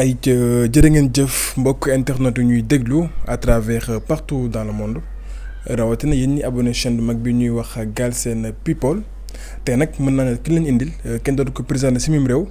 ay jërë ngeen jëf mbokk internet ñuy déglu à travers euh, partout dans le monde rawatina yéen ñi abonné chaîne bu mag bi ñuy wax Galsen People te nag mën naa ne ki lañ indil euh, kenn dootu ko présenté si mim réew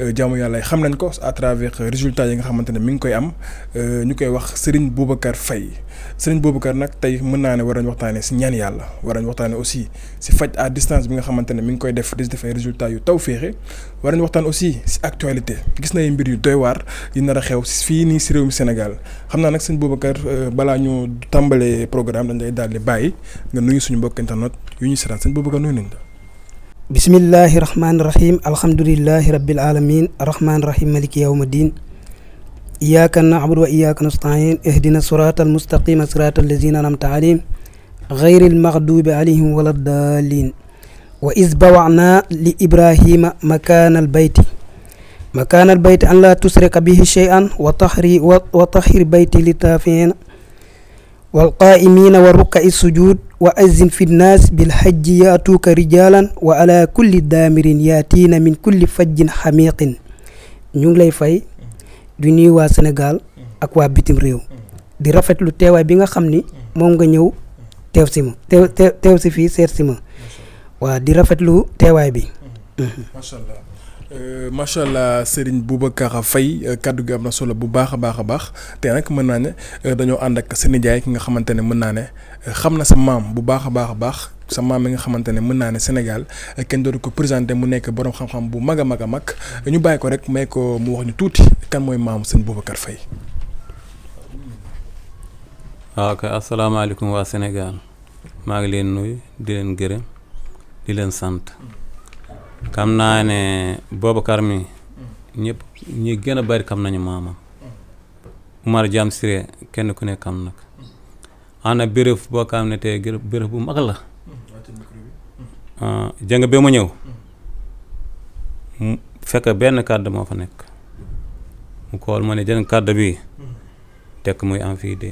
euh, jaamu yàlla yi xam nañ ko à travers euh, résultats yi nga xamante ne mi ngi koy am ñu koy wax Serigne Boubacar Faye Serigne Boubacar nag tey mën naa ne war nañ waxtaanee si ñaan yàlla war nañ waxtaanee aussi si faj à distance bi nga xamante ne mi ngi koy def di def ay résultats yu taw féexe war nañ waxtaan aussi si actualité gis na mbir yu doy waar yi nar a xew fii nii si réew mi Sénégal xam naa nag Serigne Boubacar balaa ñu tàmbalee programme dañ lay daal di bàyyi nga nuyu suñu mbokk internet yu ñu seetaan Serigne Boubacar nuyu nañ بسم الله الرحمن الرحيم الحمد لله رب العالمين الرحمن الرحيم ملك يوم الدين إياك نعبد وإياك نستعين اهدنا الصراط المستقيم صراط الذين أنعمت عليهم غير المغضوب عليهم ولا الضالين وإذ بوعنا لإبراهيم مكان البيت مكان البيت أن لا تشرك به شيئا وطهر وطهر بيتي للطافين walqaa'imiina wa rukka'i sujuud wa azzin fi nnaas bilhajji yaatuuka rijaalan wa ala kulli daamirin yaatiina min kulli fajjin xamiiqin ñu ngi lay fay du nuyu waa Sénégal ak waa bitim réew di rafetlu teewaay bi nga xam ni moom nga ñëw teew si ma teew teew si fii seet si ma waa di rafetlu teewaay bi. Euh, macha allah Serigne Boubacar Faye euh, kàddu gi am na solo bu baax a baax a baax te nag mën naa ne euh, dañoo ànd ak seen nijaay ki nga xamante ne mën naa ne xam na sa maam bu baax a baax a baax. sa maam mi nga xamante ne mën naa ne Sénégal kenn dootu ko présenté mu nekk boroom xam-xam bu mag a mag a mag ñu bàyyi ko rek may ko mu wax ñu tuuti kan mooy maamu seen Boubacar Faye. waaw ah, kay asalaamaaleykum waa Sénégal maa ngi leen nuy di leen gërëm di leen sant. xam naa ne boobu kar mi ñëpp ñi gën a bari xam nañu maamam Umar Jam kenn ku ne xam nag ana béréb boo xam ne tey béréb bu mag la ah, jëng ba mu ñëw fekk benn kàddu moo fa nekk mu xool ma ne jëng kàddu bi tekk muy am fii de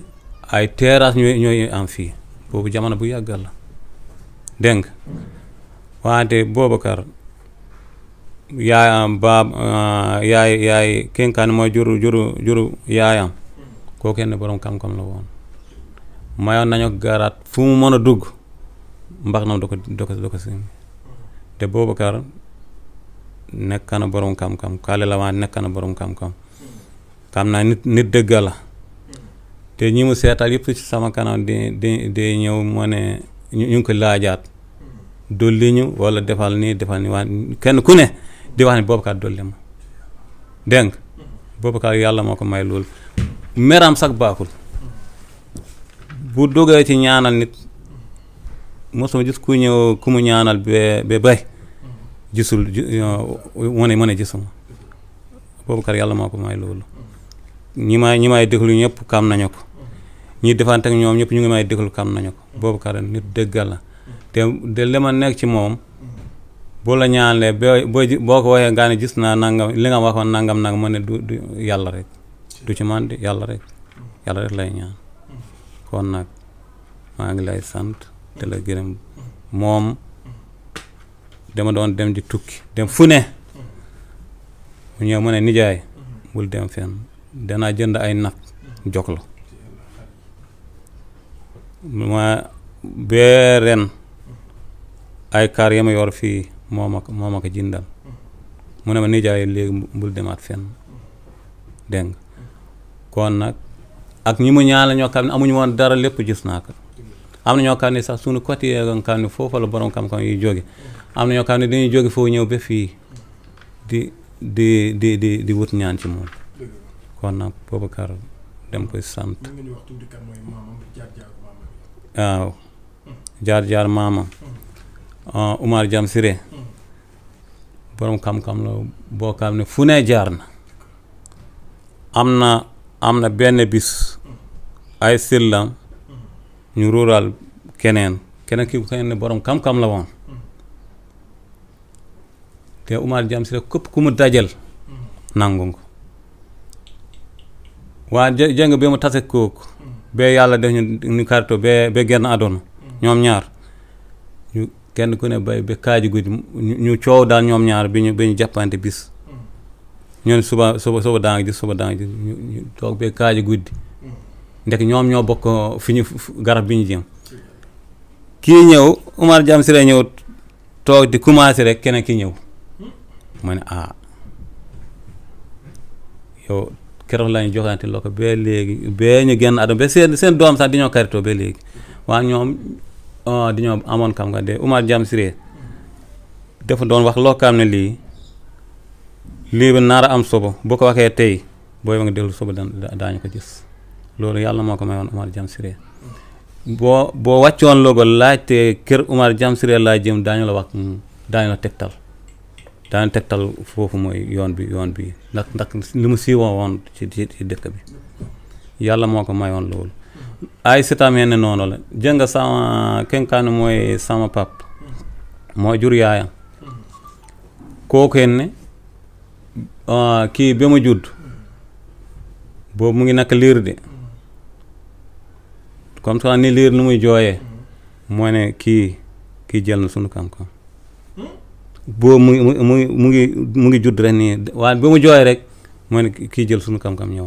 ay terrasse ñooy ñooy am fii boobu jamono bu yàggal la dégg nga wante Boubacar yaayam baab ah, yaay yaay kenkaan mooy juru juru juru yaayam koo kenn boroom xam-xam la woon mayoon nañu garaat fu mu mën a dugg mbax na du ko du ko du boobu kar te Boubacar nekk na boroom xam-xam Kalle Lawan nekk na boroom xam-xam xam naa nit nit dëgg te ñi mu seetal yëpp ci sama kanam di di ñëw moo ñu ngi ko laajaat dolli ñu walla defal nii defal nii waa kenn ku ne di wax ne Boubacar dolli ma dégg nga Boubacar yàlla moo ko may loolu meram sax baaxul bu duggee ci ñaanal nit mosuma gis ku ñëw ku mu ñaanal be bay gisul mu ne mu ne gisuma yàlla moo ko may loolu ñi may ñi may déglu ñëpp kam nañu ko ñi defante ak ñoom ñëpp ñu ngi may déglu kam nañu ko Boubacar nit dëggal la te de ma nekk ci moom bu la ñaanlee boo boo ko waxee nga ne gis naa nangam li nga waxoon nangam nag ma ne du yàlla rek du ci man di yàlla rek yàlla rek lay ñaan kon nag maa ngi lay sant te la gërëm moom dama doon dem di tukki dem fu ne mu ñëw mu nijaay bul dem fenn danaa jënd ay nag jox la bee ren ay kaar yama yor fii moo ma ko moo ma ko jëndal mu ne ma léegi mbul demaat fenn dégg nga kon nag ak ñi mu ñaan la ñoo xam ne amuñu woon dara lépp gis naa ko am na ñoo xam ne sax suñu côté nga xam ne foofu la borom xam-xam yi jóge am na ñoo xam ne dañuy jóge foo ñëw ba fii di di di di di wut ñaan ci moom kon nag Boubacar dem koy sant waaw jaar jaar maama hmm. Ah, Umar Jam Siré borom xam-xam la boo xam ne fu ne jaar na am na am na benn bis ay sillam ñu ruural keneen keneen ki keneen ne borom xam-xam la woon te Umar Jam Siré ku mu dajal nangu nga waa jëng bi mu tase kooku bee yàlla def ñu ñu bee bee genn àdduna ñoom ñaar kenn ku ne bay ba kaaji guddi ñu coow daal ñoom ñaar bi ñu bi ñu jàppante bis hmm. ñoon suba suba suba daa ngi gis suba daa ngi ñu toog ba kaaji guddi hmm. ndek ñoom ñoo bokk fi ñu garab bi ñu jëm hmm. kii ñëw Umar Jam si la ñëw toog di commencé rek keneen ki ñëw ma ne ah yow keroog lañu joxante loo ko léegi ba ñu génn àdduna ba seen seen doom sax di ñoo karitoo ba léegi waa ñoom Ah, dañoo amoon kam nga de Oumar Diam Siré dafa doon wax loo xam ne lii lii ba naara am sobo bu ko waxee tey booy ba nga dellu sobo daañu ko gis loolu yàlla moo ko mayoon Oumar Diam Siré boo boo wàccoon logo laajte kër Oumar Diam Siré laa jëm daañu la wax daañu la tegtal daañu tegtal foofu mooy yoon bi yoon bi ndax ndax li mu siiwoo woon ci ci dëkk bi yàlla moo ko mayoon loolu ay sitaameen noonu la jënga sama kenkaan mooy sama pap moo jur yaayam kookeen ne ah, kii ba ma judd boobu mu ngi naka liir de comme ça ni liir nu muy jooye moo ne kii kii jël na sunu kam-kam boobu mu ngi mu mu ngi mu ngi judd rek nii waaye ba mu jooyee rek moo ne kii jël sunu kam-kam ñëw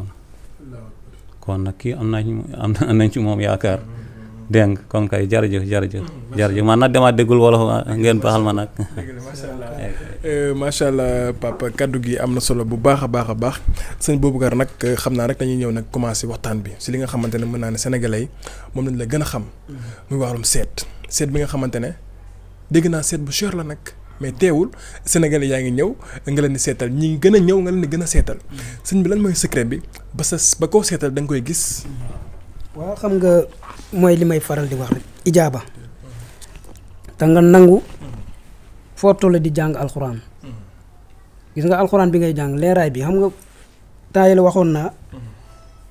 kon nak kii am naa am am nañ ci mom yaakar deng kon kay jërëjëf jërëjëf mm, jërëjëf man na dama degul wala ah, ngeen baaxal ma nag eh, eh. Eh, macha allah papa kaddu gi am na solo bu baakha baakha bax a bobu gar nak xamna rek dañuy ñew nak commencé waxtan bi si li nga xamantene ne mën ne sénégalais mom lañ la gëna xam mm-hmm. muy wàllum set set bi nga xamantene ne na set bu cher la nak mais teewul sénégalais yaa ngi ñëw nga leen di seetal ñi gën a ñëw nga leen gën a seetal sëñ bi lan mooy secret bi ba sa ba koo seetal da nga koy gis. waaw xam nga mooy li may faral di wax rek ijaaba te nga nangu foo toll di jàng alxuraan gis nga alxuraan bi ngay jàng leeraay bi xam nga taayal waxoon naa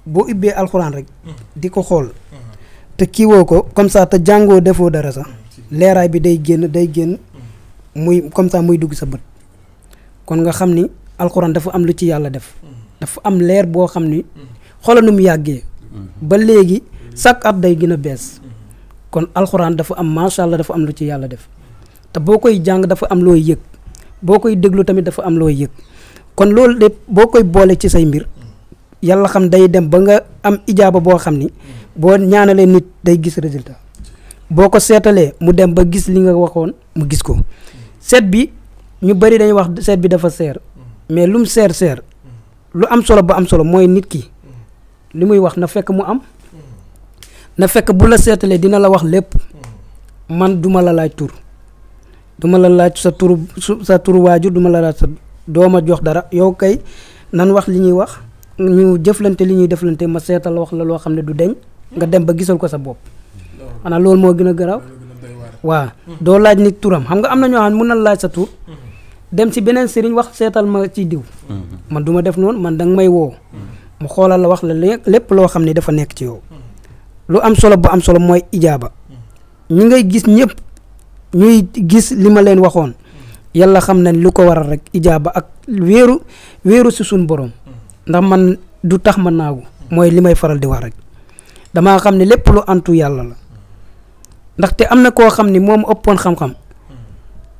boo ubbee alxuraan rek di ko xool te kiiwoo ko comme ça te jàngoo defoo dara sax leeraay bi day génn day génn. muy comme ça muy dugg sa bët kon nga xam ni alxuraan dafa am lu ci yàlla def dafa am leer boo xam ni xoolal yàggee mm-hmm. ba léegi chaque at day gën a bees kon alxuraan dafa am macha allah dafa am lu ci yàlla def te boo koy jàng dafa am looy yëg boo koy déglu tamit dafa am looy yëg kon loolu de boo koy boole ci say mbir yàlla xam day dem ba nga am ijaaba boo xam ni boo ñaanalee nit day gis résultat boo ko seetalee mu dem ba gis li nga waxoon mu gis ko Set bi ñu bari dañuy wax bi dafa seer mais lum seer seer lu am solo ba am solo mooy nit ki li muy wax na fekk mu am na fekk bu la seetalee dina la wax lépp man duma la laaj tur duma la laaj sa tur sa tur waajur duma la laaj sa dooma jox dara yow kay nan wax li ñuy wax ñu jëflante li ñuy deflante ma seetal wax la loo xam ne du deñ nga dem ba gisal ko sa bopp xanaa moo gën a wa do laaj nit turam xam nga am na xam mënal mun na laaj sa tour dem si benen serigne wax setal ma ci diw man duma def non man dang may wo mu xolal la wax la lepp lo xamni dafa nek ci yow lu am solo bu am solo moy ijaba. ñi ngay gis ñepp ñuy gis lima lain leen waxoon yàlla xam nañ lu ko waral rek ijaba ak wëru wëru si sun borom ndax man du tax ma naagu mooy faral di wax rek dama xamni lepp lu antu yalla. la ndaxte am na koo xam ni moom ëppoon xam-xam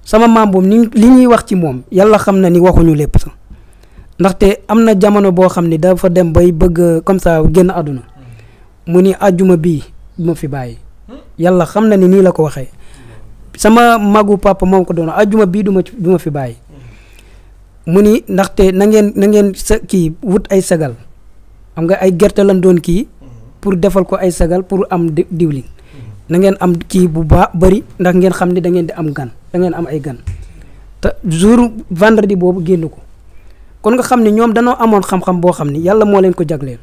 sama maam boobu ni li ñuy wax ci moom yàlla xam na ni waxuñu lépp sax ndaxte am na jamono boo xam ni dafa dem bay bëgg comme ça génn àdduna mu ni àjjuma bii ma fi bàyyi yàlla xam na ni nii la ko waxee sama magu papa moom ko doon àjjuma bii duma duma fi bàyyi mu ni ndaxte na ngeen na ngeen sa kii wut ay sagal am nga ay gerte lan doon kii pour defal ko ay sagal pour am diwlin na ngeen am ki bu ba bari ndax ngeen xamni ni da ngeen di am gan da ngeen am ay gan ta jour vendredi bobu génn ko kon nga xamni ni ñoom danoo xam-xam bo xamni ni mo leen ko jaglé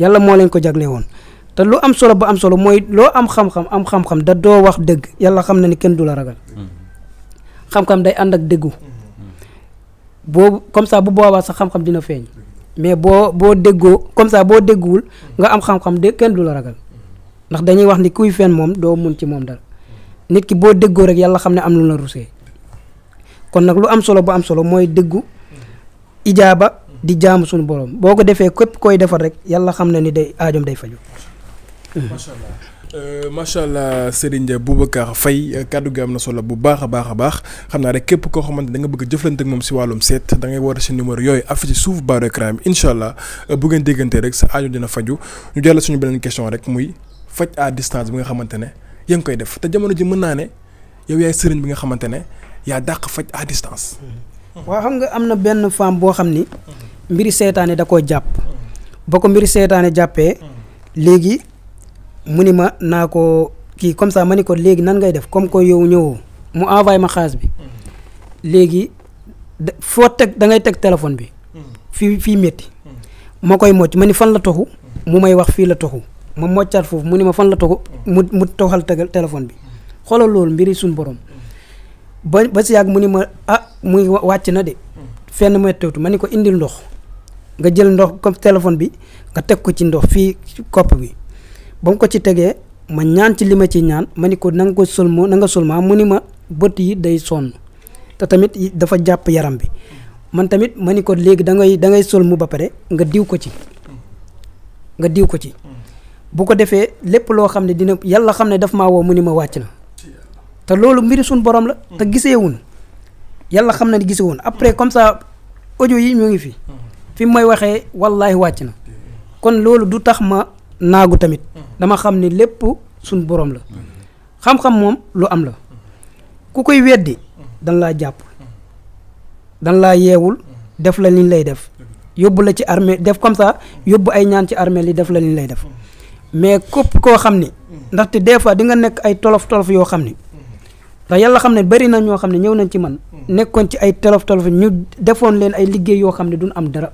yalla mo leen ko jaglé won ta lu am solo ba am solo moy lo am xam-xam am xam-xam da do wax deug yalla xam na ni kenn du la ragal xam-xam day and ak deggu bo comme ça bu boobaa sa xam-xam dina feñ mais bo bo deggo comme ça bo deggul nga am xam-xam de kenn du la ragal ndax dañuy wax ni kuy fen mom do mun ci mom dal nit ki bo deggo rek yalla xamne am lu la rusé kon nak lu am solo bu am solo moy deggu ijaaba di jaamu sun borom boko defé kep koy defal rek yalla xamne ni day aajom day faju hmm. macha allah euh, macha allah Serigne Boubacar fay kaddu gam am na solo bu baakha baakha baax xamna rek kep ko xamante da nga bëgg jëflante ak mom ci walum set da ngay woote ci numéro yoy af ci souf bu gën dégënté rek sa aajo dina faju ñu jël suñu benen question rek muy faj à distance bi nga xamante ne yaa ngi koy def te jamono ji mën naa ne yow yaay sëriñ bi nga xamante ne yaa dàq faj à distance. Mm-hmm. waaw xam nga am na benn femme boo xam ni. mbiri seetaane da ko jàpp. boo ko mbiri seetaane jàppee. léegi mu ni ma naa ko kii comme ça ma ni ko léegi nan ngay def comme ko yow ñëwoo mu envoyé ma xaalis bi. Mm-hmm. léegi da foo teg da ngay teg téléphone bi. Mm-hmm. fii fii métti. ma koy mocc ma ni fan la toxu mu may wax fii la toxu. ma moccaat foofu mu ni ma fan la togo mu mu toxal tëgal téléphone bi xoolal loolu mbiri suñ borom ba ba si yàgg mu ni ma ah muy wàcc na de fenn may tewtu ma ni ko indil ndox nga jël ndox comme téléphone bi nga teg ko ci ndox fii kopp bi ba ko ci tegee ma ñaan ci li ma ci ñaan ma ni ko na nga ko solmo na nga solma mu ni ma bët yi day sonn te tamit dafa jàpp yaram bi man tamit ma ni ko léegi da ngay da ngay solmu ba pare nga diw ko ci nga diw ko ci bu ko defee lépp loo xam ne dina yàlla xam ne daf maa woo mu ni ma wàcc na te loolu mbiri sun borom la te giseewun yàlla xam ne après comme ça audio yi ñu ngi fi fi mooy waxee wallahi wàcc na kon loolu du tax ma naagu tamit dama xam ne lépp borom la xam-xam moom lu am la ku koy weddi dan laa jàpp dan laa yeewul def la liñ lay def yóbbu la ci armée def comme ça yóbbu ay ñaan ci armée li def la liñ lay def mais képp koo xam ni ndaxte des fois di nga nekk ay tolof tolof yoo xam ni ndax yàlla xam ne bari na ñoo xam ne ñëw nañ ci man nekkoon ci ay tolof tolof ñu defoon leen ay liggéey yoo xam ne duñ am dara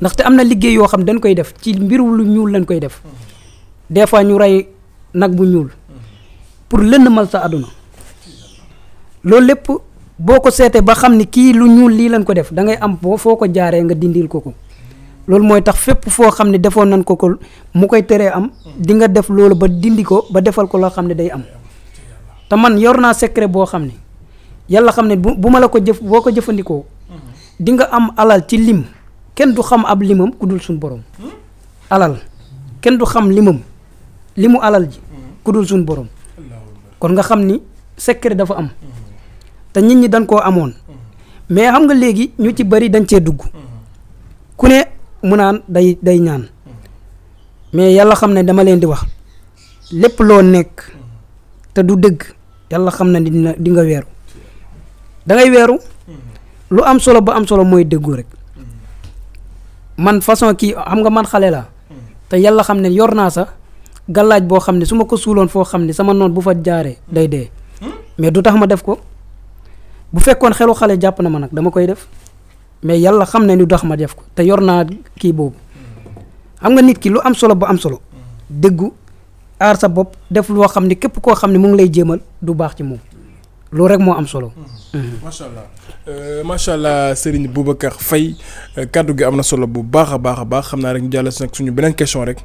ndaxte am na liggéey yoo xam dañ koy def ci mbir lu ñuul lañ koy def des fois ñu rey nag bu ñuul pour mal sa aduna loolu lépp boo ko seetee ba xam ni kii lu ñuul lii lañ ko def da ngay am foo ko jaaree nga dindil ko loolu mooy tax fépp foo xam ne defoon nañ ko ko mu koy teree am di nga def loolu ba dindi ko ba defal ko loo xam ne day am te man yor naa secret boo xam ne yàlla xam ne bu bu ma la ko jëf boo ko jëfandikoo di nga am alal ci lim kenn du xam ab limam ku dul suñu borom alal kenn du xam limam mu alal ji ku dul suñ borom kon nga xam ni secret dafa am te nit ñi dañ koo amoon mais xam nga léegi ñu ci bari dañ cee dugg ku ne mu naan day day ñaan mais yàlla xam ne dama leen di wax lépp loo nekk te du dëgg yàlla xam di nga weeru da ngay weeru lu am solo ba am solo mooy dëggu rek man façon kii xam nga man xale la te yàlla xam ne yor naa sa gàllaaj boo xam ne su ma ko suuloon foo xam sama noon bu fa jaaree day dee hmm? mais du tax ma def ko bu fekkoon xelu xale jàpp na ma nag dama koy def mais yalla xam ne ni dox ma def ko te yor naa kii xam nga nit ki lu am solo bu am solo déggu aar sa bopp def loo xam ne képp koo xam ne mu ngi lay jéemal du baax ci moom loolu rek moo am solo. Mm-hmm. macha allah euh, macha allah Serigne Boubacar fay euh, kaddu gi am na solo bu baax a baax a baax xam naa rek ñu jàll si nag suñu beneen question rek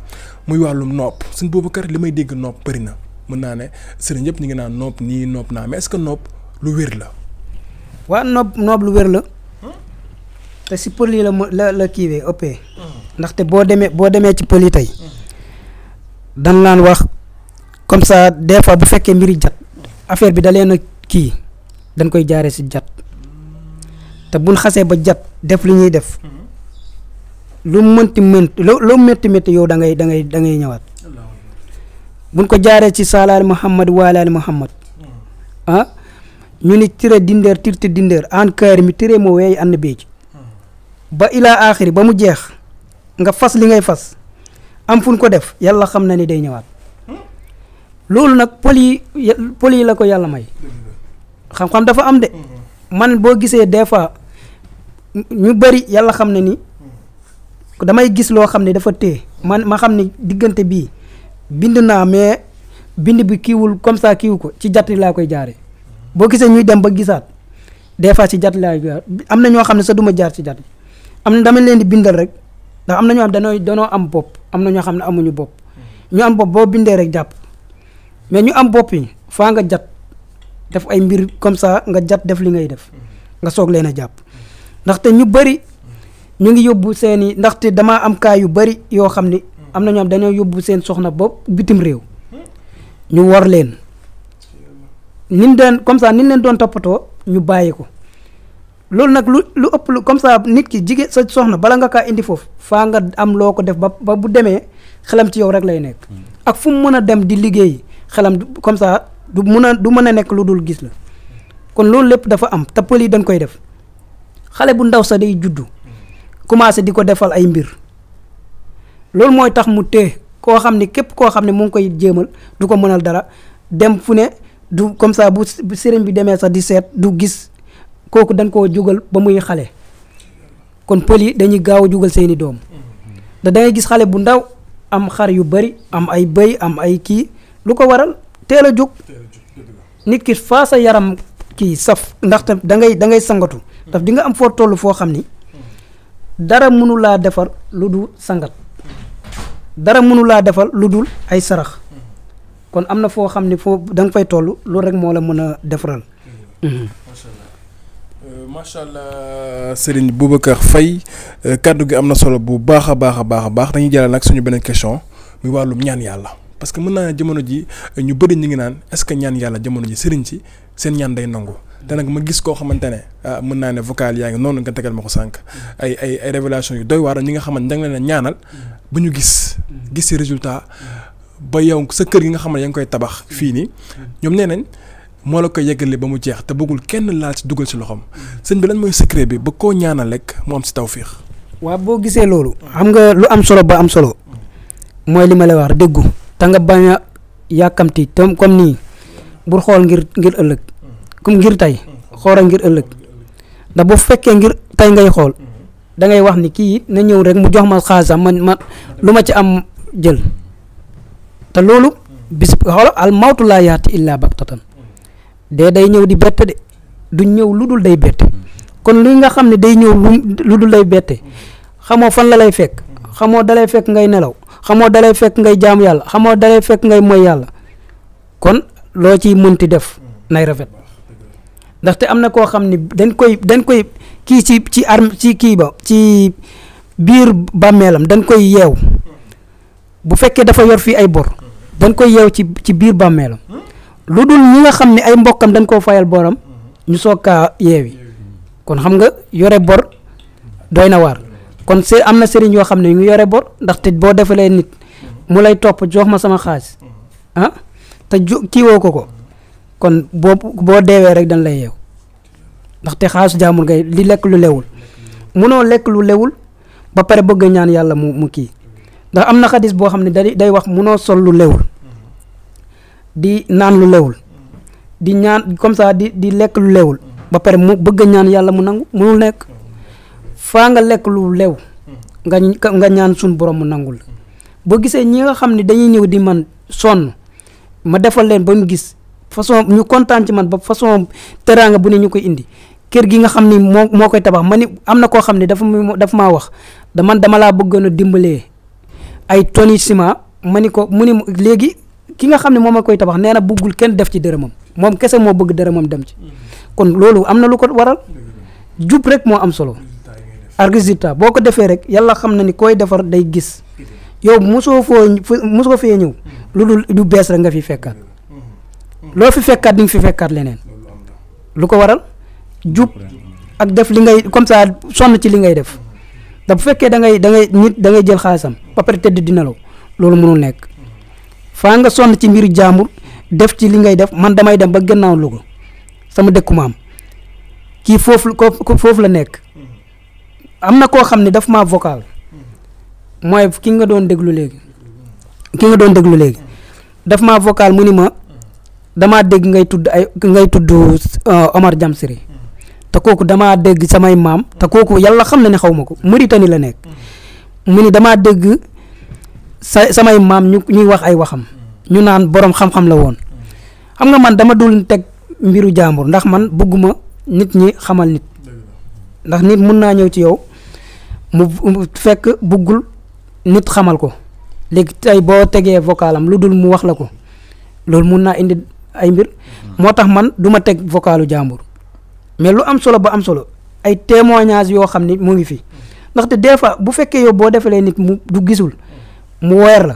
muy wàllum nopp Serigne Boubacar li may dégg nopp bëri na mën naa ne Serigne yëpp ñu ngi naan nopp nii nopp naa mais est ce que nopp lu wér la. waa nopp nopp lu wér la te si poli la la la la opé ndax ndaxte bo démé bo démé ci poli tay dan dañ laan wax comme ça des fois bu féké mbiri jat affaire bi a dañ koy jaaree ci jat te buñ xassé ba jat def li ñuy def lu mënti mënt lo loo métti yow da ngay da ngay da ngay ñëwaat buñ ko jaaree ci saalaali Muhammad waalaali Muhammad hmm. ah ñu ni tire dinder. tirte dinder an kaari mi tire mo wéy and beej ba ila akhir ba mu jeex nga fas li ngay fas am fuñ ko def yalla xam na ni day ñëwaat loolu nag poli ya, poli la ko yàlla may xam-xam dafa am de man boo gisee des fois ñu bari yàlla xam na ni damay gis loo xam ne dafa téye man ma xam ne diggante bii bind naa mais bind bi kiiwul comme ça kiiwu ko ci jàtt laa koy jaaree boo gisee ñuy dem ba gisaat des fois ci jàtt laa am na ñoo xam sa duma jaar ci am na dama leen di bindal rek ndax am na ñoo xam danoo danoo am bopp am na ñoo xam ne amuñu bopp mm-hmm. ñu am boo bindee rek jàpp mais ñu am bopp yi faa nga jat def ay mbir comme ça nga jat def li ngay def mm-hmm. nga soog leen a jàpp ndaxte ñu bëri mm-hmm. ñu ngi yóbbu seen ndaxte damaa am cas yu bëri yoo xam ni am na dañoo yóbbu seen soxna bopp bitim réew ñu war leen nin deen comme ça nin leen doon toppatoo ñu bàyyi ko loolu nag lu lu ëpp lu comme ça nit ki jigéen sa soxna bala nga kaa indi foofu faa nga am loo ko def ba ba bu demee xelam ci yow rek lay nekk. Hmm. ak fu mu mën a dem di liggéey xelam comme ça du mën a du mën a nekk lu dul gis la kon loolu lépp dafa am te pël yi koy def xale bu ndaw sa day juddu commencé di ko defal ay mbir loolu mooy tax mu tee koo xam ni képp koo xam ne mu ngi koy jéemal du ko mënal dara dem fu ne du comme ça bu sëriñ bi demee sa di seet du gis. koku dan ko jugal ba muy xalé kon poli dañuy gaaw jugal seeni doom da day gis xalé bu ndaw am xar yu bari am ay bay am ay ki lu ko waral teel juk nit ki sa yaram ki saf ndaxte da ngay da ngay sangatu daf di nga am fo tollu fo xamni ni dara munu la defal ludul sangat dara munu la defal ludul ay sarax kon amna na xamni fo dang fay tollu lu rek mo la mën a defaral. Euh, macha allah Serigne Boubacar Faye euh, kàddu gi am na solo bu baax a baax a baax a baax dañuy jàllale nag suñu beneen question muy wàllum ñaan yàlla parce que mën naa jamono ji euh, ñu bëri ñu ngi naan est-ce que ñaan yàlla jamono ji Serigne si seen ñaan day nangu. te nag ma gis koo xamante ne ah, mën naa ne vocal yaa ngi noonu nga tegal ma ko sànq. ay ay ay yu doy waar ñi nga xamante ne da nga leen ñaanal. bu ñu gis. gis si résultat. ba yow sa kër gi nga xam yaa ngi koy tabax. fii nii moo la koy yeggali ba mu jeex te bëggul kenn laal si dugal si loxom sëñ bi lan mooy secret bi ba koo ñaanal rek mu am ci tawfiix. waaw boo gisee loolu. xam nga lu am solo ba am solo. mooy li ma lay wax déggu. te nga bañ a yàkkamti tam comme nii bu xool ngir ngir ëllëg. comme ngir tey xoolal ngir ëllëg ndax bu fekkee ngir tey ngay xool da ngay wax ni kii na ñëw rek mu jox ma xaalisam ma ma lu ma ci am jël te loolu bis xoolal al mawtu laa yaati illaa baktatan dee day ñëw di bette de du ñëw lu dul day bette kon li nga xam ne day ñëw lu dul day bette xamoo fan la lay fekk xamoo dalay fekk ngay nelaw xamoo dalay fekk ngay jaamu yàlla xamoo dalay fekk ngay moy yàlla kon loo ciy mënti def nay rafet ndaxte am na koo xam ne dañ koy dañ koy kii ci ci arm ci kii ba ci biir bàmmeelam dañ koy yeew bu fekkee dafa yor fii ay bor dañ koy yeew ci ci biir bàmmeelam lu dul ñi nga xam ne ay mbokkam dañ koo fayal boram mhm. ñu soog kaa yeewi kon xam nga yore bor doy na waar kon se am na sëriñ yoo xam ne ñu yore bor te boo defalee nit mu lay topp jox ma sama xaalis mhm. ah, te ju kiiwoo ko ko kon boo boo deewee rek dañ lay yeew ndaxte xaalis jaamul ngay li lekk lu lewul mënoo lekk lu lewul ba pare bëgg ñaan yàlla mu mu kii ndax am na xadis boo xam ne day day wax munoo sol lu lewul. di naan lu lewul di ñaan comme ça di di lek lu lewul ba paré mu bëgg ñaan yalla mu nangu munul nek fa nga lek lu lew nga nga ñaan sun borom mu nangul bo gisé ñi nga xamni dañuy ñëw di man son ma defal leen ba gis façon ñu contant ci man ba façon teranga bu ne ñukoy indi kër gi nga xamni ni koy tabax ma ni am na dafa dafa ma wax man dama la bëggono dimbalé ay toni ciment ma ni ko ki nga xamne moma koy tabax neena bugul ken def ci dërëmam mom kese mo bëgg dërëmam dem ci kon lolu amna lu ko waral jup rek mo am solo ak boko defé rek yalla xamna ni koy defar day gis yow muso fo muso fe ñew lu du bes rek nga fi fekkat lo fi fekkat fi fekkat lenen lu ko waral jup ak def li ngay comme ça son ci li ngay def da bu fekke da ngay da ngay nit da ngay jël xalasam ba pare tëdd di nelaw mënul nek faa nga sonn ci mbiru jaambur def ci li ngay def man damay dem ba gannaaw Louga sama dëkku maam kii foofu foofu la nekk am na koo xam ne dafa maa vocal mooy ki nga doon déglu léegi ki nga doon déglu léegi daf maa vocal mu ni ma damaa dégg ngay tudd ay ngay tudd euh, Omar Jamsiri te kooku damaa dégg samay maam te kooku yàlla xam na ne xaw ma ko Mauritanie la nekk mu ni damaa dégg sa samay maam ñu ñuy wax ay waxam ñu naan borom xam-xam la woon xam nga man dama dul teg mbiru jàmbur ndax man bugguma nit ñi xamal nit ndax nit mun naa ñëw ci yow mu fekk buggul nit xamal ko léegi tey boo tegee vocalam lu dul mu wax la ko loolu mun naa indi ay mbir moo tax man duma teg vocalu jàmbur mais lu am solo ba am solo ay témoignages yoo xam ni mu ngi fi ndaxte des fois bu fekkee yow boo defalee nit mu du gisul. mu wer la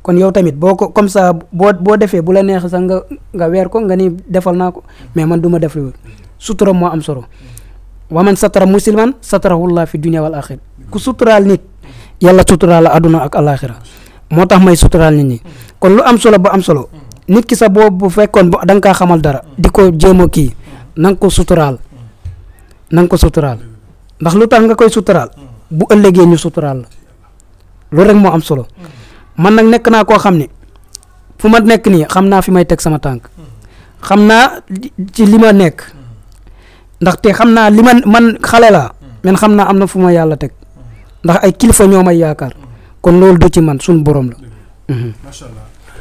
kon yow tamit boko comme ça bo boo defee bu la neex sax nga nga ko nga ni defal nako mais man duma def lu sutura mo am solo wa man satara musliman allah fi dunya wal akhir ku sutural nit yalla sutural aduna ak al akhirah motax may sutural nit ni kon lu am solo ba am solo nit ki sa bo bu fekkon da nga kaa xamal dara di ko ki nang ko sutural nang ko sutural ndax lu nga koy sutural bu ëllëgee ñu sutural loolu rek moo am solo man nag nekk naa koo xam ne fu ma nekk nii xam naa fi may teg sama tànk xam naa ci li ma nekk ndaxte xam naa li ma man xalela laa xam naa am na fu ma yàlla teg ndax ay kilifa ñoo may yaakaar kon loolu du ci man suñu borom la.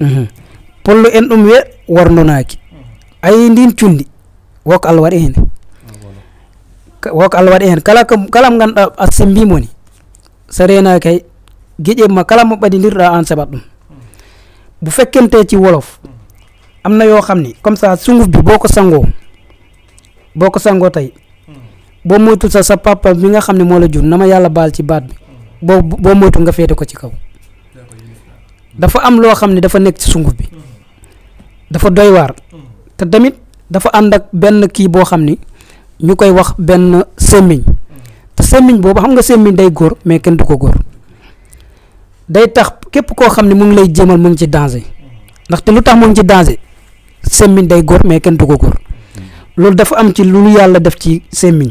Mhm. pollo en dum we naaki mhm. ay ndin cundi wok al waɗi hen wok al waɗi hen kala kala mo ganduɗa a moni ni sa renaki ma kala mo ɓadidirɗa an sabatum ɗum bu fekente ci wolof mhm. amna yo xamni comme ça sunguf bi boko sango boko sango tay bo tey sa sa papa mi nga xamni mo la jur nama yalla bal ci bat bi bo nga fete ko ci kaw dafa am loo xam ne dafa nekk ci sunguf bi dafa doy waar te tamit dafa ànd ak benn kii boo xam ni ñu koy wax benn semmiñ te semmiñ boobu xam nga semmiñ day góor mais kenn du ko góor day tax képp koo xam ne mu ngi lay jéemal mu ngi ci danger ndaxte lu tax mu ngi ci danger semmiñ day góor mais kenn du ko góor loolu dafa am ci lu yàlla def ci semmiñ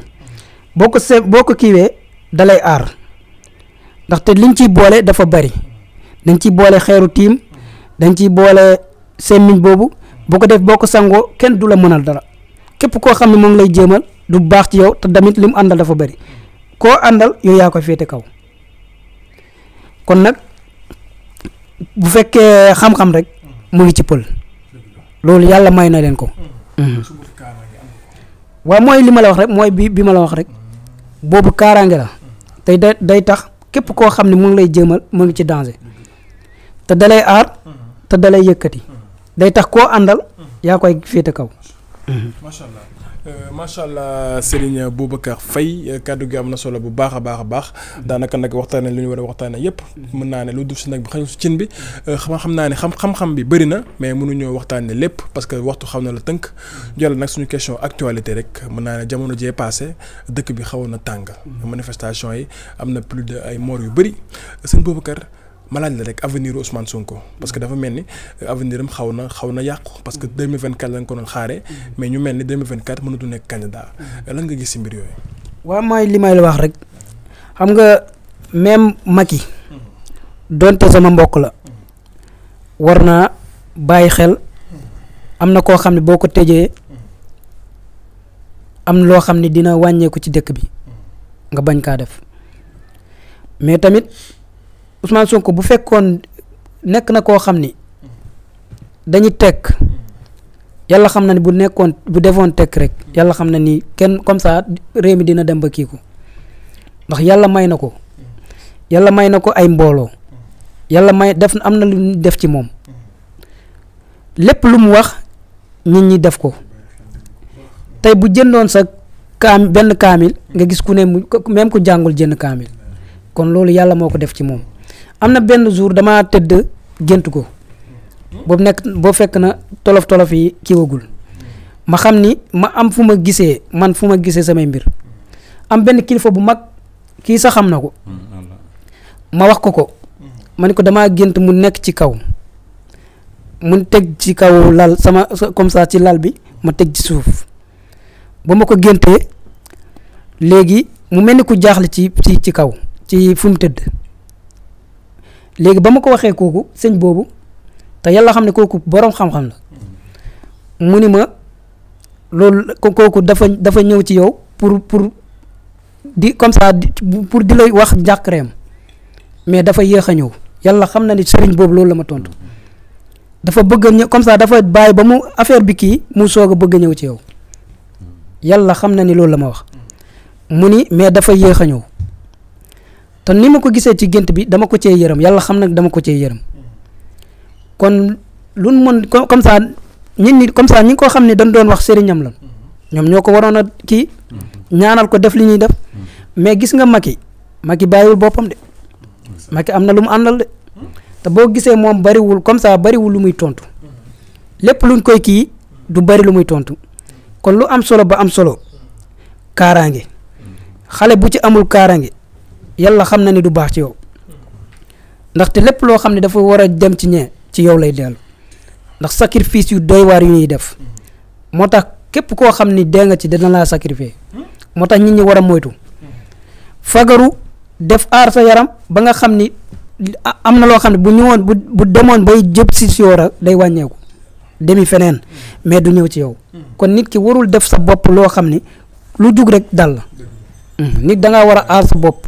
boo ko se boo ko kiiwee dalay aar ndaxte liñ ciy boole dafa bari dañ ci boole xeeru tiim dañ ci boole semmiñ boobu bu ko def boo ko ken kenn du la mënal dara képp koo xam ne moom lay jéemal du baax ci yow te damit lim àndal dafa bari koo àndal yow yaa ko féete kaw kon nag bu fekkee xam-xam rek mu ngi ci pël loolu yàlla may na leen ko mhm. wa mooy li ma la wax rek mooy bi bi ma la wax rek boobu kaaraange la tey tax képp koo xam ne ngi lay jéemal mu ngi ci danger te dalay aar mm-hmm. te dalay yëkkati mm-hmm. day tax koo àndal mm-hmm. yaa koy féete kaw macha allah euh, macha allah Serigne Boubacar Faye kàddu gi am na solo bu baax a baax a baax daanaka nag waxtaan waxtaanee lu ñu war a waxtaanee yëpp mën naa ne lu dul si nag bi xañu si cin bi euh, xam xam naa ne xam xam bi bëri na mais mënuñoo waxtaanee lépp parce que waxtu xam na la tënk jël nag suñu question actualité rek mën naa ne jamono jee passé dëkk bi xawoon na tàng. manifestation yi am na plus de ay morts yu bëri sëñ Boubacar. malade la rek avenir Ousmane Sonko parce que dafa melni ni euh, xawna xawna yaq parce que 2024 lañ ko doon xaré mais ñu melni 2024 2024 du nek candidat euh, lan nga gis si mbir yoy wa la wax rek xam nga même Macky donte sama mbokk la warna naa xel amna ko xamni boko am lo xamni dina wàññeeku ci dekk bi nga bañ ka def mais tamit. Ousmane Sonko bu fekkoon nekk na ko xamni ni tek, tekk yàlla xam ni bu nekkoon bu defon tek rek yalla xamna ni ken comme ça rewmi dina dem ba kiko ndax yalla may na yalla may na ay mbolo yalla may def amna lu def ci mom lepp lu mu wax nit ñi def ko tay bu jëndon sa kam ben kamil nga gis ku ne même ku jangul jënd kamil kon lolu yalla moko def ci mom am na benn jour damaa tëdd gént ko boobu nekk boo fekk na tolof tolof yi kiiwagul ma xam ni ma am fu ma gisee man fu ma gisee samay mbir am benn kilifa bu mag kii sax xam na ko mm, ma wax ko ko ma ne ko damaa gént mu nekk ci kaw mu teg ci kaw lal sama comme ça ci lal bi ma teg ci suuf bu ma ko géntee léegi mu mel ni ku jaaxle ci ci ci kaw ci fu mu tëdd. léegi ba ma ko waxee kooku sëñ boobu te yàlla xam ne kooku boroom xam-xam la mu ni ma loolu kooku dafa dafa ñëw ci yow pour pour di comme ça pour di lay wax njàqareem mais dafa yéex a ñëw yàlla xam na ni sëriñ boobu loolu la ma tontu dafa bëgg a ñëw comme ça dafa bàyyi ba mu affaire bi kii mu soog a bëgg a ñëw ci yow yàlla xam na ni loolu la ma wax mu ni mais dafa yéex a ñëw. te ni ma ko gisee ci gént bi dama ko cee yërëm yàlla xam nag dama ko cee yërëm kon luñ mën comme ça ñin ni comme ça ñi ko xam ne dañ doon wax sëriñam la ñoom ñoo ko waroon a kii ñaanal ko def li ñuy def mais gis nga maki? Maki bàyyiwul boppam de Maki am na lu mu àndal de te boo gisee moom bariwul comme ça bariwul lu muy tontu lépp luñ koy kii du bari lu muy tontu kon lu am solo ba am solo kaaraange xale bu ci amul kaaraange yalla xamna ni du bax ci yow ndax te lepp lo xamni dafa wara dem ci ñe ci yow lay del ndax sacrifice yu doy war yu ñuy def motax kep ko xamni de ni nga ci dana laa sacrifier moo tax nit ñi wara moytu fagaru def ar sa yaram ba nga xamni ni am xamni bu ñewon bu demon bay jep ci day wañeku demi fenen. mais du ñew ci yow kon nit ki warul def sa bop lo xamni ni lu jug rek dal hmm, nit da nga wara ar sa bop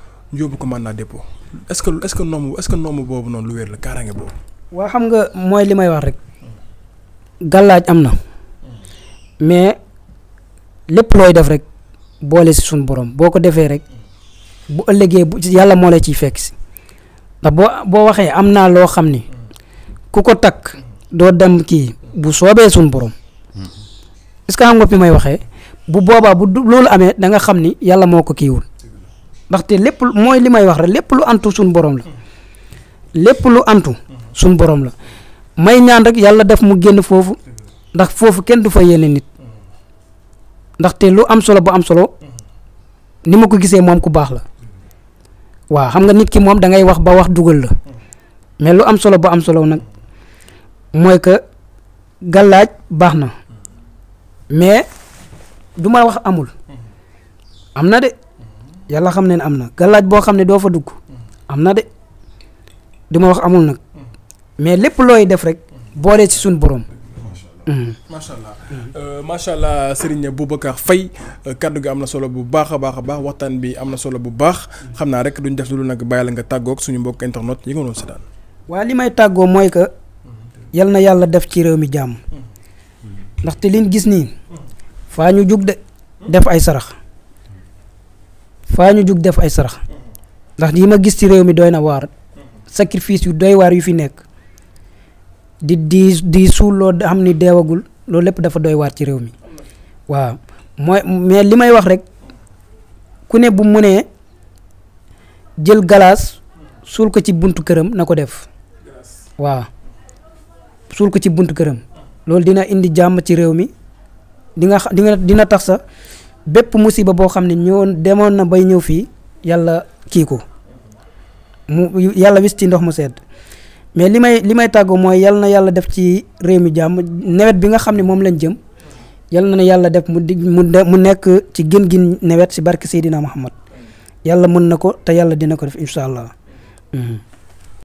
ñu yóbbu ko mandat dépôt est-ce que est-ce que nombre est-ce que nombre boobu noonu lu wér la kaaraange boobu. waa xam nga mooy li may wax rek. gàllaaj am na. mais lépp looy def rek boole si suñu borom boo ko defee rek bu ëllëgee bu yàlla moo la ciy fekk si ndax boo boo waxee am naa loo xam ni ku ko takk doo dem kii bu soobee suñu borom est-ce que xam nga fi may waxee bu boobaa bu loolu amee da nga xam ni yàlla moo ko kiiwul. ndaxte lépp mooy li may wax rek lépp lu antu suñu boroom la lu antu suñu borom la may ñaan rek yàlla def mu génn foofu ndax foofu kenn du fa yéene nit ndaxte lu am solo bu am solo ni ma ko gisee moom ku baax la waaw xam nga nit ki moom da ngay wax ba wax dugal la mais lu am solo bu am solo nag mooy que gàllaaj baax na mais du ma wax amul am na de. yàlla xam ne am na galaaj boo xam ne doo fa dugg am na de duma wax amul nag mais lépp looy def rek boole ci suñ borom macha allah macha mm. allah euh, Serigne Boubacar Faye euh, kaddu gi am solo bu baax a baax a bi Amna na solo bu baax xam naa rek duñ def lu nag bàyyi nga tàggoog suñu mbokk internet yi nga doon seetaan. waa li may tàggoo mooy que yal na yàlla def ci mi jàmm mm. ndaxte liñ gis ni faa ñu de def ay sarax. faa ñu jug def ay sarax ndax li ma gis ci réew mi doy na waar sacrifice yu doy waar yu fi nekk di di di suul loo xam ni deewagul loolu lépp dafa doy waar ci réew mi waaw mooy mais li may wax rek ku ne bu mënee jël galaas suul ko ci buntu këram na ko def waaw suul ko ci buntu këram loolu dina indi jàmm ci réew mi di nga dina tax sa bépp musiba boo xam ne ñëwoon demoon na bay ñëw fii yàlla kii ko mu yàlla wis ci ndox mu sedd mais li may li may tàggu mooy yal na yàlla def ci réew mi jàmm nawet bi nga xam ne moom lañ jëm yal na yàlla def mu di mu nekk ci gën gin nawet si barke Seydina Muhammad yàlla mun na ko te yàlla dina ko def incha allah. Mhm.